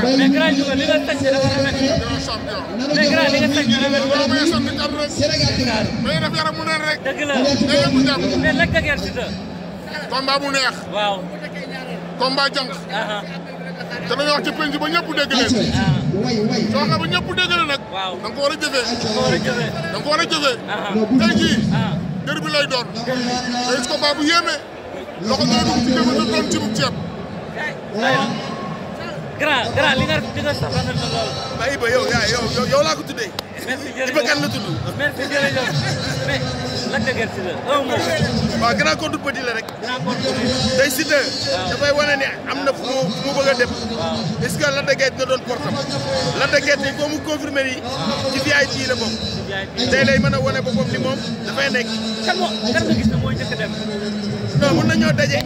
mais grand li nga tëj da nga rafet. mais grand li nga tëj nga rafet. mais sant kan rek. mais def yaram mu neen rek. dëgg la mais Lac de Guiers Siteu. combat bu neex. waaw. combat jànq. te dañoo wax ci penc ba ba ñëpp dégg leen nga ko war a jëfee. da nga ko war a jëfee. nga ko war a jëfee. tey jii. dër bi lay doon. te combat bu yéeme. loxo doon dugg ci jëfandikoo grand grand li nga li nga sax na lool. waaye Iba yow yow yow laa ko tuddee. merci jërëjëf Iba kan la tudd. merci jërëjëf mais Lac de rek. grand contre petit. dafay wane ne am na fu mu fu mu bëgg a dem. waaw doon portam. Lac de Guiers boo mu confirmé nii. ci VIP la bokk. tey lay a wane boppam ni moom dafay nekk. kan moo kan nga gis ne a dem. nañoo daje.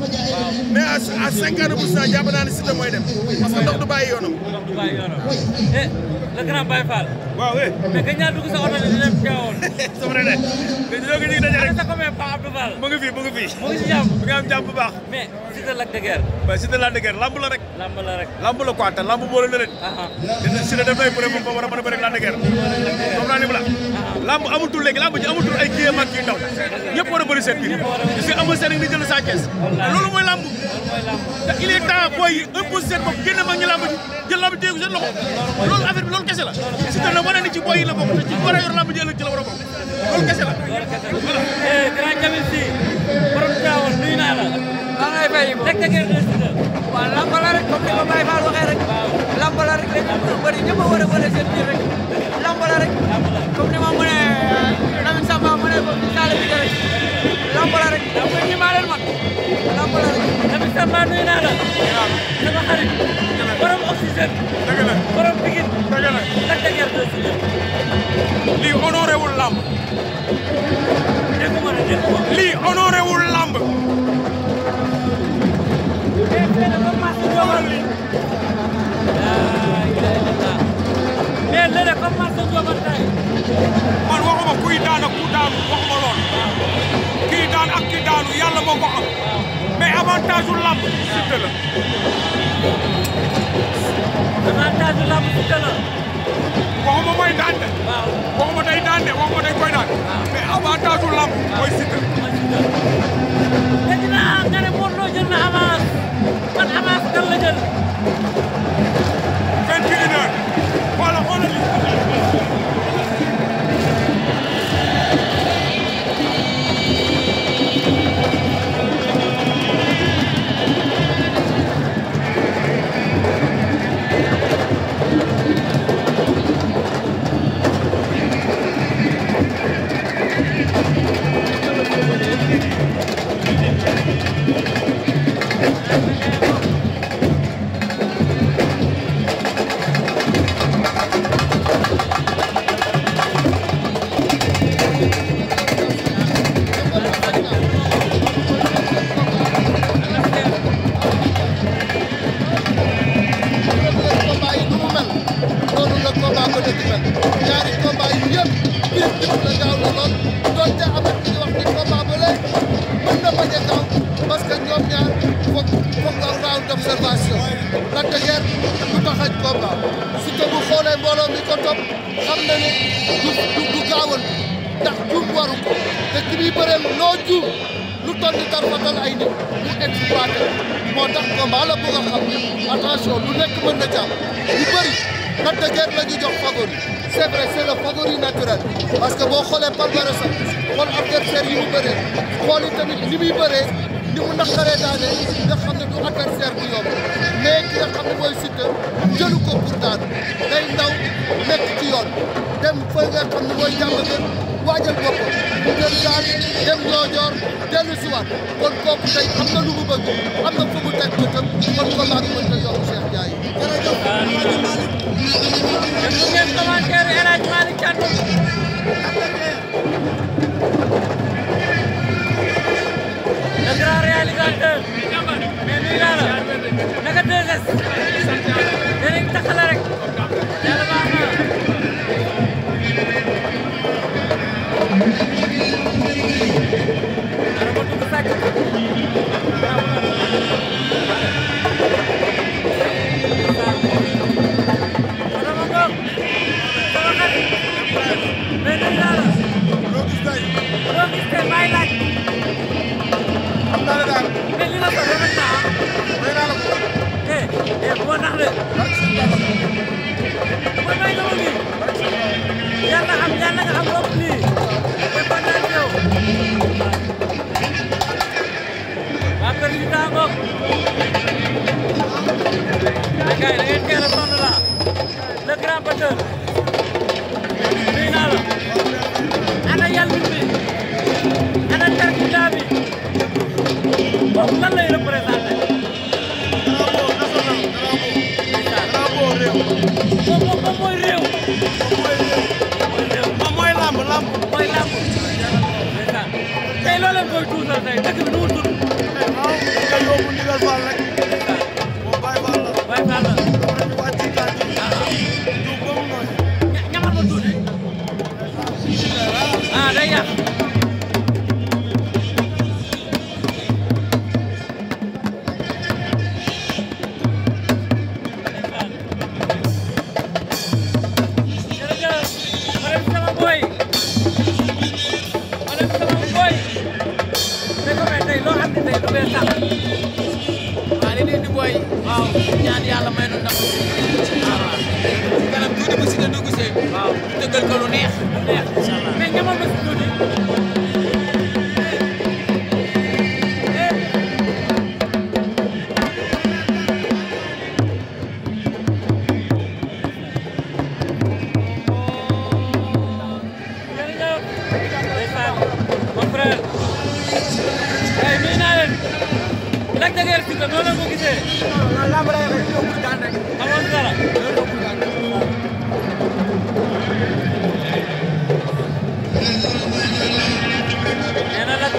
mais à à cinquante pour cent jàpp naa mooy dem. parce que ndox du bàyyi yoonam. le grand Baye Fall. waaw oui. Eh. mais gëj naa dugg sa oto bi dina teewoon. c'est vrai de. mais dina ko ñu daje rek. sa commune Pape Abdou Fall. mu ngi fi mu ngi fi. mu ngi si jàmm mu ngi am jàmm de Guiers. waaw Siteu ah, ah. ba war a mën a bëre Lac de Guiers. lamb amatul léegi lamb ay kii mag kii ndaw ñëpp war a bëri seen ni jël Sa loolu mooy lamb te il est temps booy imposer seen bopp génn mag ñi lamb ji jël lamb ji seen loxo loolu affaire loolu kese si te na wane ni ci booy yi la bokk ci war a yor lamb ji ëllëg ci la eh, nuyu naa la maa ngay fay rek waaw lamb la rek comme ni ko la rek rek bëri ñëpp a war a bëri seen biir rek lamb la rek comme ni ma mënee Lamine Samba ma mënee ko ci salle bi rek lamb la rek lamb la ñi maa leen man lamb la rek Lamine Samba nuyu naa la sama xarit borom oxygène dëgg la borom pigin dëgg la tak da gerte si lii honoré wul lamb lii honoré wul lamb daan de. waaw waxuma day daan de waxuma day koy daan. mais avantage u lamb mooy Siteu. mooy Siteu. léegi nag nga ne Modou Lo jël na avance man avance kan la jël. ndax juum waru ko te ki muy loo juum lu toll ni ay nit mu exploité moo tax combat la bu nga xam attention lu nekk mën na jàpp lu bëri Lac de la ñu jox favori c'est vrai naturel parce que boo xoolee palmarès sax xool adversaire yi mu bëree xool tamit ni bëree ni mu naqaree daane nga xam ne du adversaire bu yomb mais ki nga xam ne mooy Siteu jëlu ko pour daan ndaw nekk ci yoon dem fa nga xam ne mooy jàmm waajal boppam mu jël gaal dem Ndiobior dellu si waat kon kooku tey am na lu mu bëgg am na fu mu teg bëtam kon ko laaj mën na yokk Cheikh Ndiaye. jërëjëf ngeen commentaire El Hadj Malick Thiandoum. le grand réalisateur. gars da ngeen teel a sonn la le grand batteur nuyu naa la ana yàlla bi ana tarkuta bi boobu lan lay représenté drapeau national drapeau drapeau réew moom moom mooy réew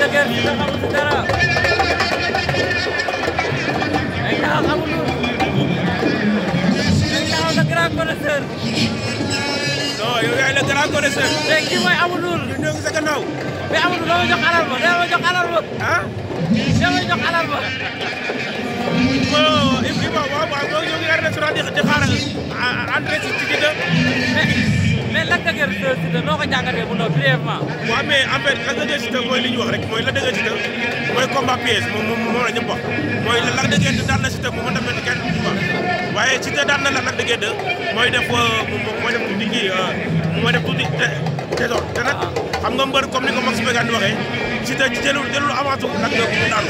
Guiers bi nga xamul dara ay taxaw xamul ay taxaw le grand connaisseur. non yow yaay le grand connaisseur. léegi kii mooy Abou Ndour. ñu ñëw sa gannaaw. mais Abou Ndour dama jox alal ba dama jox alal ba. ah dama jox alal ba. bon Ibrahima waaw waaw ñoo ngi restaurant di xaaral entrée ci ci mais lan nga gën sa ci de noko jangale bu ndox brièvement mo amé en fait xam nga gën ci moy liñ wax rek moy la dëgg ci de moy combat pièce mo mo mo la ñu bok moy la nga gën dal na ci de mo mo dafa gën ci bok waye ci de dal na la nga dëgg de moy def mo mo def tuti ci mo def tuti té do té nak xam nga mbeur comme ni ko max begane waxé ci de ci jëlul jëlul avant tout nak nga ko dal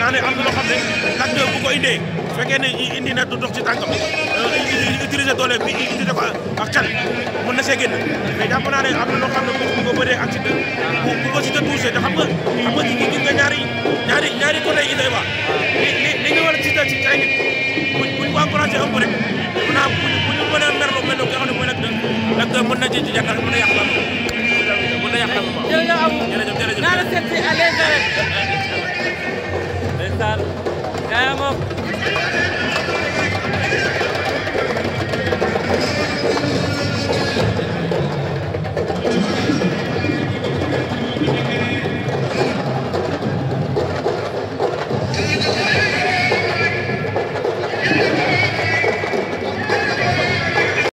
naa ne am na loo xam ne acteur bu ko indee su fekkee ne indi na du dox ci tànkam euh, utiliser doole bi utiliser ko ak can mën na see génn mais jàpp naa ne am na loo xam ne bu ko bëree ak Siteu bu bu ko Siteu touché te xam nga mën gi gis nga ñaari ñaari ñaari côté yi doy waar li li li nga war a Siteu ci ay nit buñ buñ ko encouragé un peu rek mën naa buñ buñu mën a merloo mel nga xam ne mooy nag nag mën na ci ci jàkkaar mën na yàq la mën na yàq la jërëjëf jërëjëf naa la seet si à ndeysaan gaayam